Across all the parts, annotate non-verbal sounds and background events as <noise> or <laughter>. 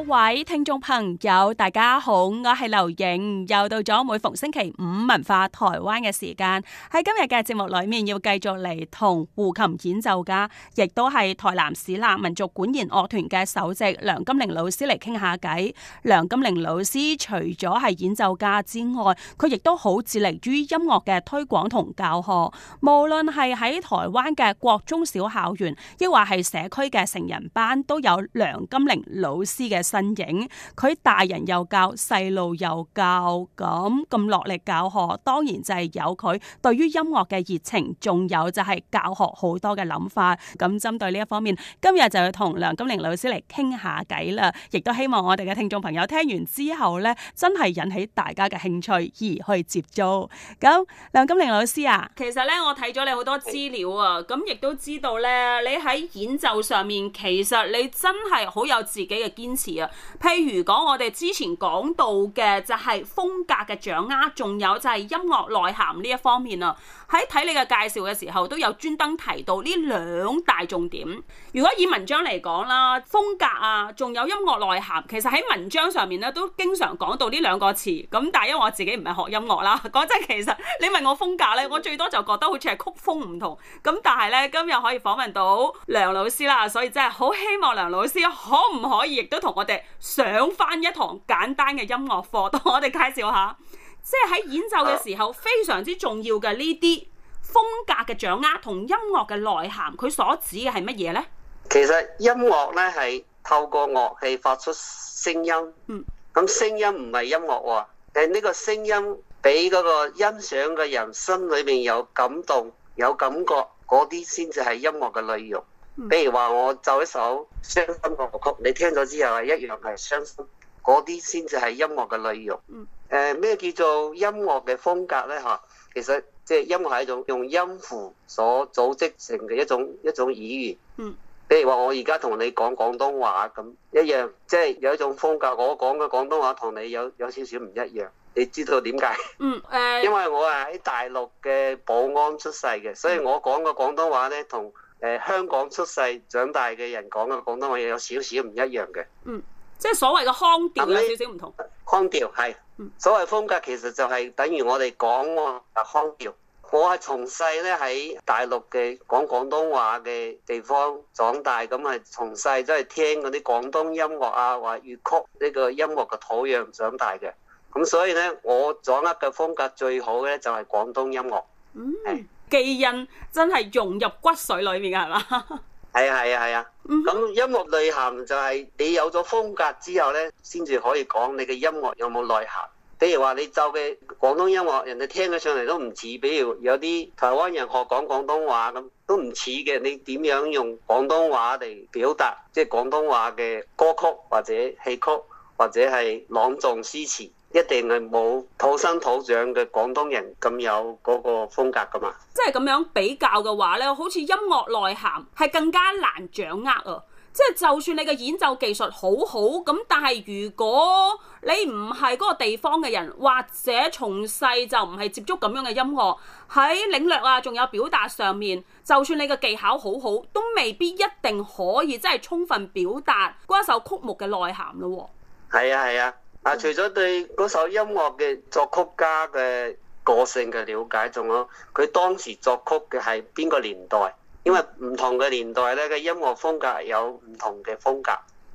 各位聽眾朋友，大家好，我係劉穎，又到咗每逢星期五文化台灣嘅時間。喺今日嘅節目裏面，要繼續嚟同胡琴演奏家，亦都係台南市立民族管絃樂團嘅首席梁金寧老師嚟傾下偈。梁金寧老師除咗係演奏家之外，佢亦都好致力於音樂嘅推廣同教學，無論係喺台灣嘅國中小校園，抑或係社區嘅成人班，都有梁金寧老師嘅身影，佢大人又教細路又教，咁咁落力教學，當然就係有佢對於音樂嘅熱情，仲有就係教學好多嘅諗法。咁針對呢一方面，今日就要同梁金寧老師嚟傾下偈啦。亦都希望我哋嘅聽眾朋友聽完之後咧，真係引起大家嘅興趣而去接觸。咁梁金寧老師啊，其實咧我睇咗你好多資料啊，咁亦都知道咧，你喺演奏上面其實你真係好有自己嘅堅持。譬如講我哋之前講到嘅就係風格嘅掌握，仲有就係音樂內涵呢一方面啦。喺睇你嘅介紹嘅時候，都有專登提到呢兩大重點。如果以文章嚟講啦，風格啊，仲有音樂內涵，其實喺文章上面咧都經常講到呢兩個詞。咁但係因為我自己唔係學音樂啦，嗰陣其實你問我風格呢，我最多就覺得好似係曲風唔同。咁但係呢，今日可以訪問到梁老師啦，所以真係好希望梁老師可唔可以亦都同我，上返一堂簡單嘅音樂課，當我哋介紹下，即係喺演奏嘅時候、啊、非常之重要嘅呢啲風格嘅掌握同音樂嘅內涵，佢所指嘅係乜嘢呢？其實音樂呢係透過樂器發出聲音，嗯、咁聲音唔係音樂喎，呢個聲音俾嗰個欣賞嘅人心裏面有感動有感覺嗰啲先至係音樂嘅內容。比如話我奏一首傷心樂曲，你聽咗之後係一樣係傷心，嗰啲先至係音樂嘅內容。誒、呃，咩叫做音樂嘅風格咧？吓，其實即係音樂係一種用音符所組織成嘅一種一種語言。嗯。比如話我而家同你講廣東話咁，一樣即係、就是、有一種風格。我講嘅廣東話同你有有少少唔一樣，你知道點解？嗯，誒、uh,，因為我係喺大陸嘅寶安出世嘅，所以我講嘅廣東話咧同。誒、呃，香港出世長大嘅人講嘅廣東話有少少唔一樣嘅，嗯，即係所謂嘅腔調有少少唔同，腔調係，調嗯、所謂風格其實就係等於我哋講我嘅腔調。我係從細咧喺大陸嘅講廣東話嘅地方長大，咁係從細都係聽嗰啲廣東音樂啊或粵曲呢個音樂嘅土壤長大嘅，咁所以咧我掌握嘅風格最好嘅咧就係廣東音樂，嗯。基因真係融入骨髓裏面，係嘛？係 <laughs> 啊，係啊，係啊。咁音樂內涵就係你有咗風格之後咧，先至可以講你嘅音樂有冇內涵。比如話你奏嘅廣東音樂，人哋聽起上嚟，都唔似。比如有啲台灣人學講廣東話咁，都唔似嘅。你點樣用廣東話嚟表達，即係廣東話嘅歌曲或者戲曲或者係朗誦詩詞？一定係冇土生土長嘅廣東人咁有嗰個風格噶嘛？即係咁樣比較嘅話呢，好似音樂內涵係更加難掌握啊！即係就算你嘅演奏技術好好咁，但係如果你唔係嗰個地方嘅人，或者從細就唔係接觸咁樣嘅音樂，喺領略啊，仲有表達上面，就算你嘅技巧好好，都未必一定可以真係充分表達嗰一首曲目嘅內涵咯。喎，係啊，係啊。啊！除咗對嗰首音樂嘅作曲家嘅個性嘅了解，仲有佢當時作曲嘅係邊個年代？因為唔同嘅年代咧，嘅音樂風格有唔同嘅風格。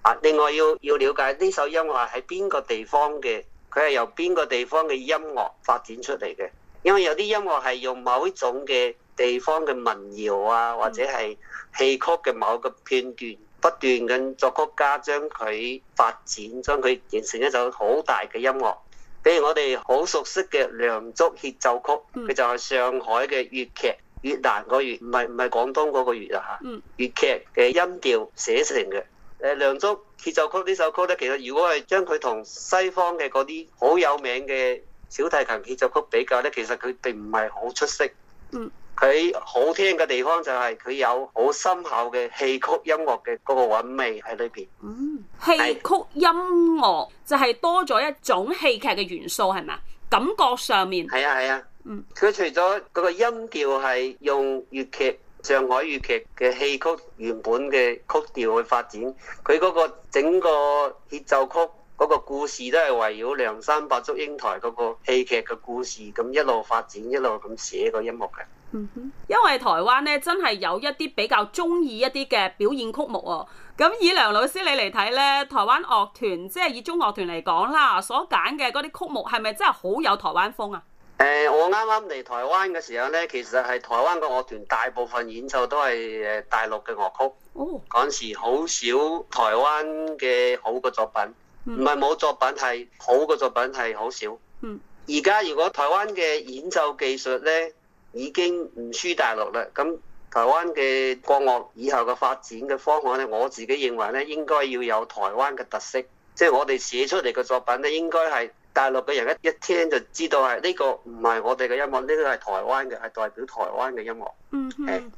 啊！另外要要了解呢首音樂係邊個地方嘅，佢係由邊個地方嘅音樂發展出嚟嘅。因為有啲音樂係用某一種嘅地方嘅民謠啊，或者係戲曲嘅某個片段。不斷咁作曲家將佢發展，將佢形成一首好大嘅音樂。比如我哋好熟悉嘅梁祝協奏曲，佢、嗯、就係上海嘅粵劇，越南個粵，唔係唔係廣東個粵啊吓。粵劇嘅音調寫成嘅。誒，梁祝協奏曲首呢首曲咧，其實如果係將佢同西方嘅嗰啲好有名嘅小提琴協奏曲比較咧，其實佢並唔係好出色。嗯佢好聽嘅地方就係佢有好深厚嘅戲曲音樂嘅嗰個韻味喺裏邊。嗯，戲曲音樂是就係多咗一種戲劇嘅元素係嘛？感覺上面係啊係啊。啊嗯，佢除咗嗰個音調係用粵劇、上海粵劇嘅戲曲原本嘅曲調去發展，佢嗰個整個協奏曲嗰個故事都係圍繞《梁山伯祝英台》嗰個戲劇嘅故事咁一路發展，一路咁寫個音樂嘅。嗯哼，因為台灣咧真係有一啲比較中意一啲嘅表演曲目哦。咁以梁老師你嚟睇咧，台灣樂團即係以中樂團嚟講啦，所揀嘅嗰啲曲目係咪真係好有台灣風啊？誒、呃，我啱啱嚟台灣嘅時候咧，其實係台灣嘅樂團大部分演奏都係誒大陸嘅樂曲。哦，嗰時好少台灣嘅好嘅作品，唔係冇作品，係好嘅作品係好少。嗯，而家如果台灣嘅演奏技術咧？已經唔輸大陸啦，咁台灣嘅國樂以後嘅發展嘅方案咧，我自己認為咧，應該要有台灣嘅特色，即係我哋寫出嚟嘅作品咧，應該係大陸嘅人一聽就知道係呢、這個唔係我哋嘅音樂，呢、這個係台灣嘅，係代表台灣嘅音樂。嗯哼，咁 Yeah.、嗯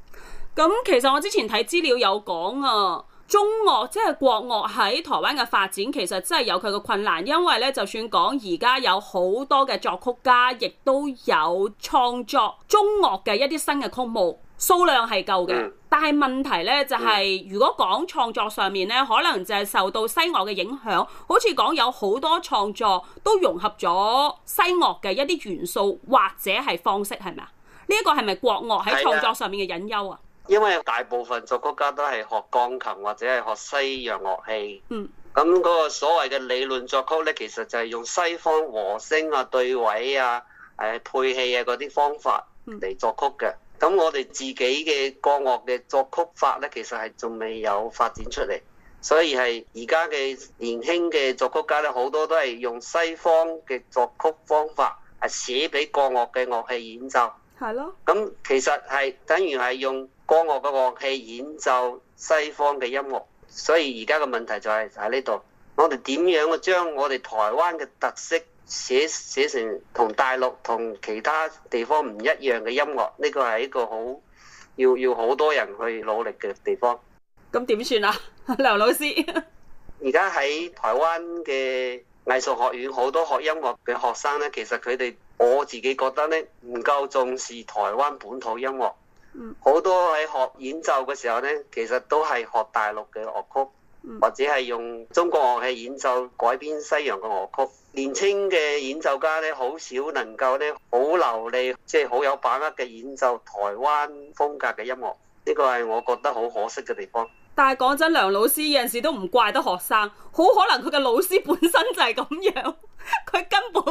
嗯、其實我之前睇資料有講啊。中樂即係、就是、國樂喺台灣嘅發展，其實真係有佢嘅困難，因為呢，就算講而家有好多嘅作曲家，亦都有創作中樂嘅一啲新嘅曲目，數量係夠嘅。但係問題呢，就係、是，如果講創作上面呢，可能就係受到西樂嘅影響，好似講有好多創作都融合咗西樂嘅一啲元素或者係方式，係咪啊？呢、這、一個係咪國樂喺創作上面嘅隱憂啊？因為大部分作曲家都係學鋼琴或者係學西洋樂器，咁嗰、嗯、個所謂嘅理論作曲咧，其實就係用西方和聲啊、對位啊、誒配器啊嗰啲方法嚟作曲嘅。咁、嗯、我哋自己嘅國樂嘅作曲法咧，其實係仲未有發展出嚟，所以係而家嘅年輕嘅作曲家咧，好多都係用西方嘅作曲方法，係寫俾國樂嘅樂器演奏。係咯的。咁其實係等於係用。歌樂嘅樂器演奏西方嘅音樂，所以而家嘅問題就係喺呢度，我哋點樣嘅將我哋台灣嘅特色寫寫成同大陸同其他地方唔一樣嘅音樂？呢個係一個好要要好多人去努力嘅地方。咁點算啊，劉老師？而家喺台灣嘅藝術學院，好多學音樂嘅學生呢，其實佢哋我自己覺得呢，唔夠重視台灣本土音樂。好、嗯、多喺學演奏嘅時候呢，其實都係學大陸嘅樂曲，嗯、或者係用中國樂器演奏改編西洋嘅樂曲。年輕嘅演奏家呢，好少能夠呢、好流利，即係好有把握嘅演奏台灣風格嘅音樂。呢個係我覺得好可惜嘅地方。但係講真，梁老師有陣時都唔怪得學生，好可能佢嘅老師本身就係咁樣。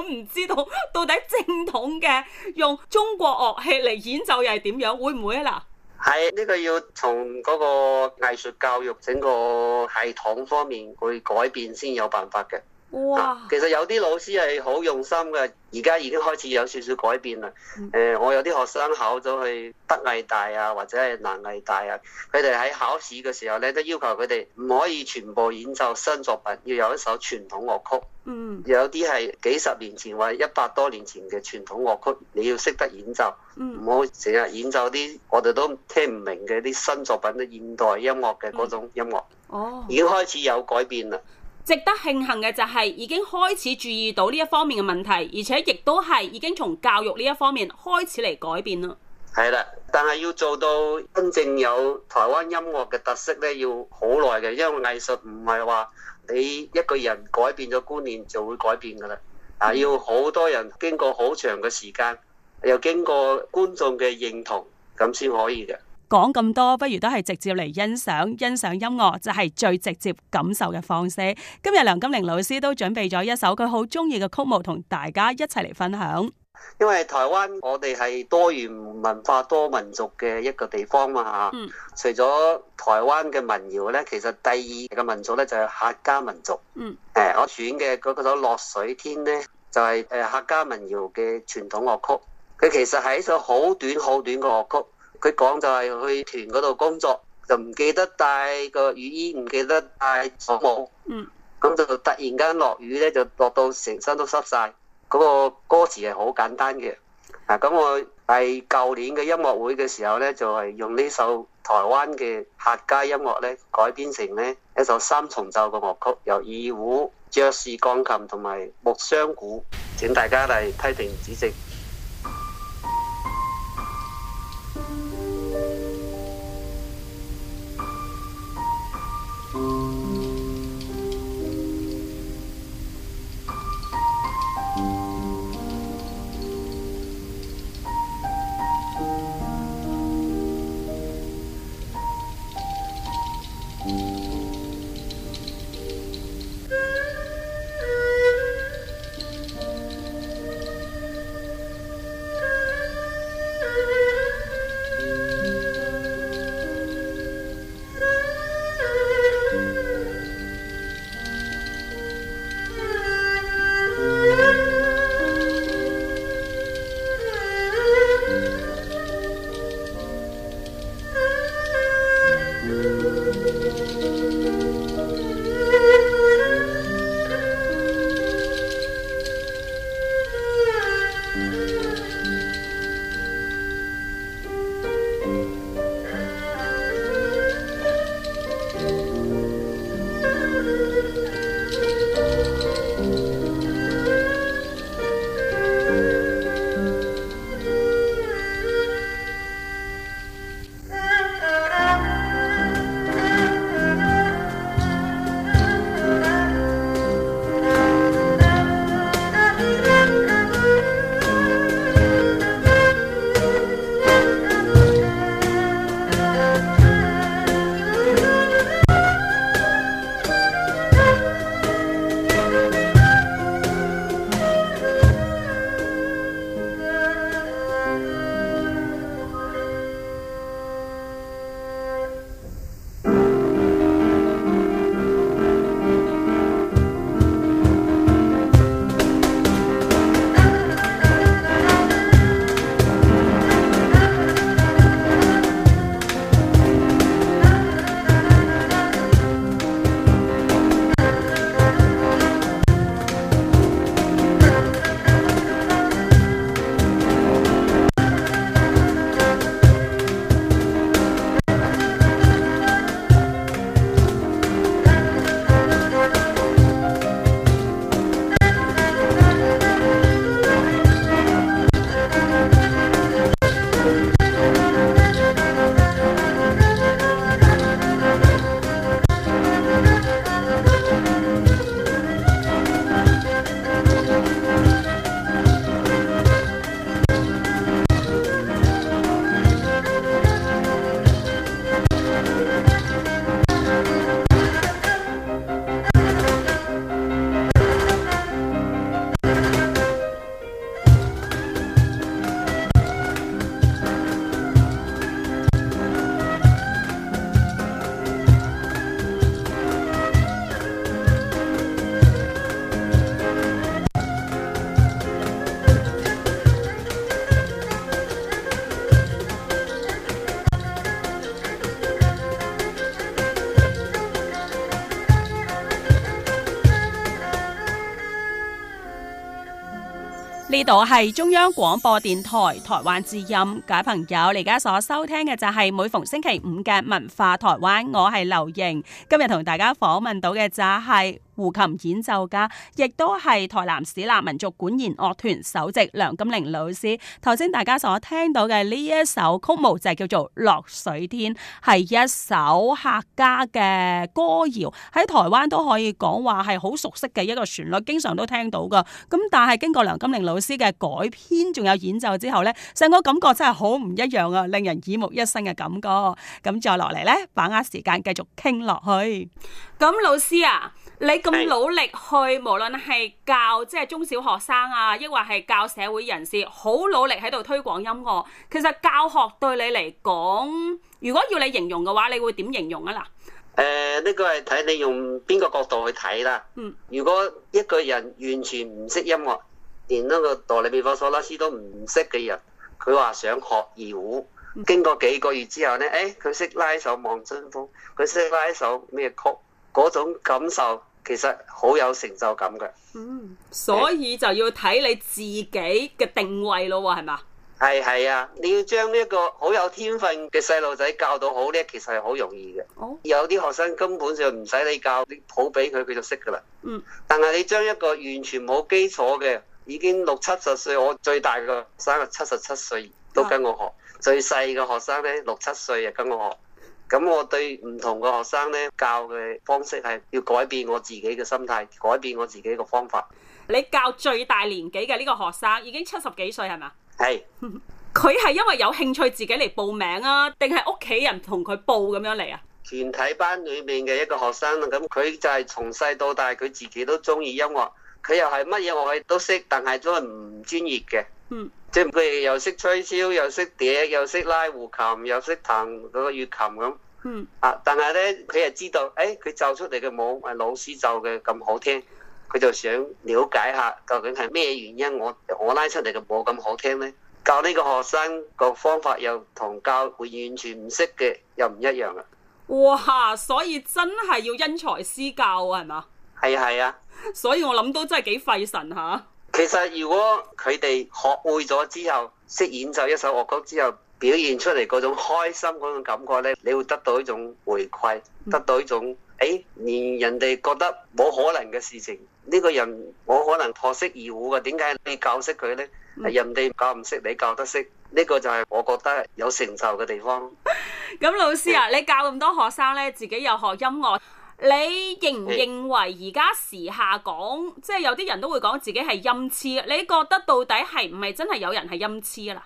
唔知道到底正統嘅用中國樂器嚟演奏又係點樣，會唔會啊？嗱，係呢、這個要從嗰個藝術教育整個系統方面去改變先有辦法嘅。哇！其實有啲老師係好用心嘅，而家已經開始有少少改變啦。誒、嗯呃，我有啲學生考咗去北藝大啊，或者係南藝大啊，佢哋喺考試嘅時候咧，都要求佢哋唔可以全部演奏新作品，要有一首傳統樂曲。嗯。有啲係幾十年前或者一百多年前嘅傳統樂曲，你要識得演奏。唔好成日演奏啲我哋都聽唔明嘅啲新作品嘅現代音樂嘅嗰種音樂。嗯、哦。已經開始有改變啦。值得慶幸嘅就係已經開始注意到呢一方面嘅問題，而且亦都係已經從教育呢一方面開始嚟改變啦。係啦，但係要做到真正有台灣音樂嘅特色咧，要好耐嘅，因為藝術唔係話你一個人改變咗觀念就會改變噶啦，啊，要好多人經過好長嘅時間，又經過觀眾嘅認同，咁先可以嘅。講咁多，不如都係直接嚟欣賞，欣賞音樂就係最直接感受嘅方式。今日梁金寧老師都準備咗一首佢好鍾意嘅曲目，同大家一齊嚟分享。因為台灣我哋係多元文化、多民族嘅一個地方嘛，啊、吓。嗯、除咗台灣嘅民謠呢，其實第二個民族呢就係客家民族。嗯、呃。我選嘅嗰首《落水天》呢，就係、是、客家民謠嘅傳統樂曲。佢其實係一首好短、好短嘅樂曲。佢講就係去團嗰度工作，就唔記得帶個雨衣，唔記得帶草帽。嗯。咁就突然間落雨咧，就落到成身都濕晒。嗰、那個歌詞係好簡單嘅。啊，咁我係舊年嘅音樂會嘅時候咧，就係、是、用呢首台灣嘅客家音樂咧，改編成咧一首三重奏嘅樂曲，由二胡、爵士鋼琴同埋木箱鼓。請大家嚟批評指正。度係中央廣播電台台灣之音，各位朋友，你而家所收聽嘅就係每逢星期五嘅文化台灣，我係劉盈，今日同大家訪問到嘅就係、是。胡琴演奏家，亦都係台南市立民族管弦樂團首席梁金寧老師。頭先大家所聽到嘅呢一首曲目就係叫做《落水天》，係一首客家嘅歌謠，喺台灣都可以講話係好熟悉嘅一個旋律，經常都聽到噶。咁但係經過梁金寧老師嘅改編，仲有演奏之後咧，成個感覺真係好唔一樣啊，令人耳目一新嘅感覺。咁再落嚟咧，把握時間繼續傾落去。咁老師啊，你，咁努力去，無論係教即係、就是、中小學生啊，抑或係教社會人士，好努力喺度推廣音樂。其實教學對你嚟講，如果要你形容嘅話，你會點形容啊？嗱、呃，誒、這、呢個係睇你用邊個角度去睇啦。嗯，如果一個人完全唔識音樂，連呢、那個哆唻咪發嗦啦西都唔識嘅人，佢話想學二胡，嗯、經過幾個月之後呢，誒佢識拉手望春風，佢識拉手咩曲，嗰種感受。其實好有成就感嘅，嗯，所以就要睇你自己嘅定位咯喎，哦，係嘛？係係啊，你要將呢一個好有天分嘅細路仔教到好咧，其實係好容易嘅。哦，有啲學生根本上唔使你教，你譜俾佢，佢就識噶啦。嗯，但係你將一個完全冇基礎嘅，已經六七十歲，我最大嘅學生七十七歲都跟我學，啊，最細嘅學生咧六七歲又跟我學。咁我對唔同嘅學生咧教嘅方式係要改變我自己嘅心態，改變我自己嘅方法。你教最大年紀嘅呢個學生已經七十幾歲係咪？係。佢係是 <laughs> 因為有興趣自己嚟報名啊，定係屋企人同佢報咁樣嚟啊？全體班裏面嘅一個學生，咁佢就係從細到大佢自己都中意音樂，佢又係乜嘢樂器都識，但係都係唔專業嘅。嗯。即係佢又識吹簫，又識笛，又識拉胡琴，又識彈嗰個月琴咁。嗯。啊！但係咧，佢又知道，誒、欸，佢奏出嚟嘅冇誒，老師奏嘅咁好聽，佢就想了解下究竟係咩原因我，我我拉出嚟嘅冇咁好聽咧。教呢個學生個方法又同教會完全唔識嘅又唔一樣啦。哇！所以真係要因材施教啊，係嘛？係啊，係啊。所以我諗都真係幾費神吓。啊。其實如果佢哋學會咗之後，識演奏一首樂曲之後，表現出嚟嗰種開心，嗰種感覺呢，你會得到一種回饋，嗯、得到一種，誒、欸，連人哋覺得冇可能嘅事情，呢、這個人冇可能學識二胡嘅，點解你教識佢呢？嗯、人哋教唔識，你教得識，呢、這個就係我覺得有成就嘅地方。咁老師啊，你教咁多學生呢，自己又學音樂。你認唔認為而家時下講，是即係有啲人都會講自己係音痴，你覺得到底係唔係真係有人係音痴啊？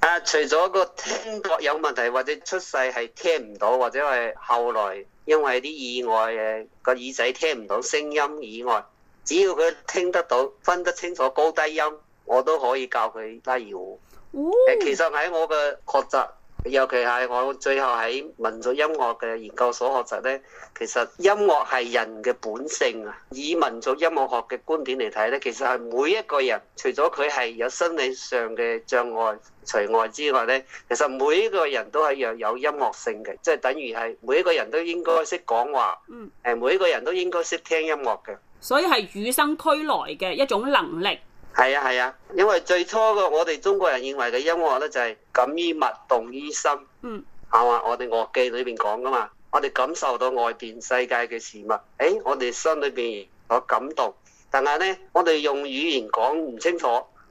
啊！除咗個聽覺有問題，或者出世係聽唔到，或者係後來因為啲意外嘅、啊、個耳仔聽唔到聲音以外，只要佢聽得到，分得清楚高低音，我都可以教佢拉二胡。哦、其實喺我嘅學習。尤其係我最後喺民族音樂嘅研究所學習咧，其實音樂係人嘅本性啊！以民族音樂學嘅觀點嚟睇咧，其實係每一個人除咗佢係有生理上嘅障礙除外之外咧，其實每一個人都係有有音樂性嘅，即係等於係每一個人都應該識講話，誒、嗯，每一個人都應該識聽音樂嘅，所以係與生俱來嘅一種能力。係啊係啊，因為最初個我哋中國人認為嘅音樂咧，就係感於物動於心，係嘛？我哋樂記裏邊講噶嘛，我哋感受到外邊世界嘅事物，誒，我哋心裏邊有感動，但係咧我哋用語言講唔清楚，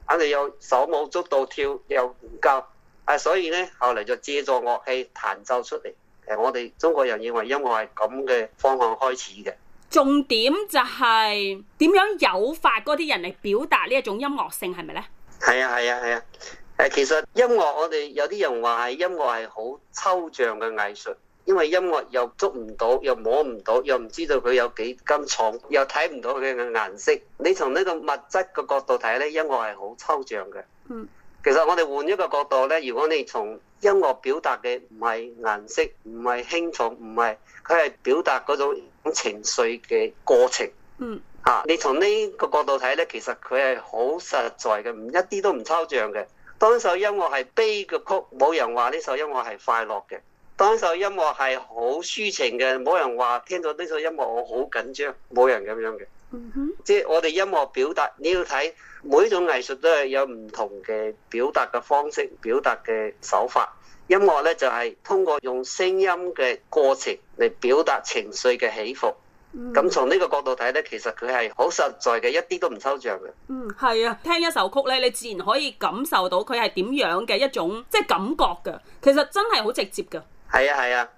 肯定又手舞足蹈跳又唔夠，啊，所以咧後嚟就借助樂器彈奏出嚟，誒，我哋中國人認為音樂係咁嘅方向開始嘅。重點就係、是、點樣誘發嗰啲人嚟表達呢一種音樂性係咪咧？係啊係啊係啊！誒、啊啊，其實音樂我哋有啲人話係音樂係好抽象嘅藝術，因為音樂又捉唔到，又摸唔到，又唔知道佢有幾斤重，又睇唔到佢嘅顏色。你從呢個物質嘅角度睇咧，音樂係好抽象嘅。嗯，其實我哋換一個角度咧，如果你從音樂表達嘅唔係顏色，唔係輕重，唔係，佢係表達嗰種情緒嘅過程。嗯，嚇、啊，你從呢個角度睇咧，其實佢係好實在嘅，唔一啲都唔抽象嘅。當首音樂係悲嘅曲，冇人話呢首音樂係快樂嘅。當首音樂係好抒情嘅，冇人話聽到呢首音樂我好緊張，冇人咁樣嘅。嗯、哼，即係我哋音樂表達，你要睇。每一種藝術都係有唔同嘅表達嘅方式，表達嘅手法。音樂咧就係、是、通過用聲音嘅過程嚟表達情緒嘅起伏。咁從呢個角度睇咧，其實佢係好實在嘅，一啲都唔抽象嘅。嗯，係啊，聽一首曲咧，你自然可以感受到佢係點樣嘅一種即係、就是、感覺噶。其實真係好直接噶。係啊係啊，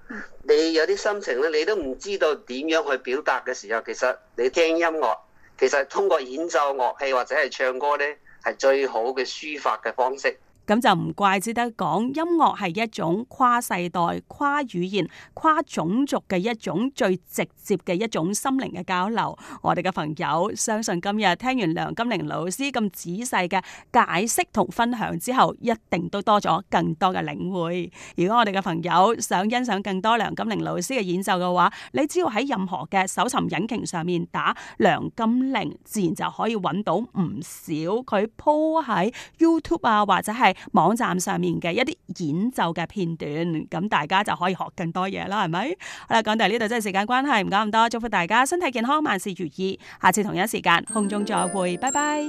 你有啲心情咧，你都唔知道點樣去表達嘅時候，其實你聽音樂。其實，通過演奏樂器或者係唱歌咧，係最好嘅抒發嘅方式。咁就唔怪之得，講音樂係一種跨世代、跨語言、跨種族嘅一種最直接嘅一種心靈嘅交流。我哋嘅朋友相信今日聽完梁金寧老師咁仔細嘅解釋同分享之後，一定都多咗更多嘅領會。如果我哋嘅朋友想欣賞更多梁金寧老師嘅演奏嘅話，你只要喺任何嘅搜尋引擎上面打梁金寧，自然就可以揾到唔少佢鋪喺 YouTube 啊，或者係。網站上面嘅一啲演奏嘅片段，咁大家就可以學更多嘢啦，係咪？好啦，講到呢度真係時間關係，唔講咁多，祝福大家身體健康，萬事如意。下次同一時間，空中再會，拜拜。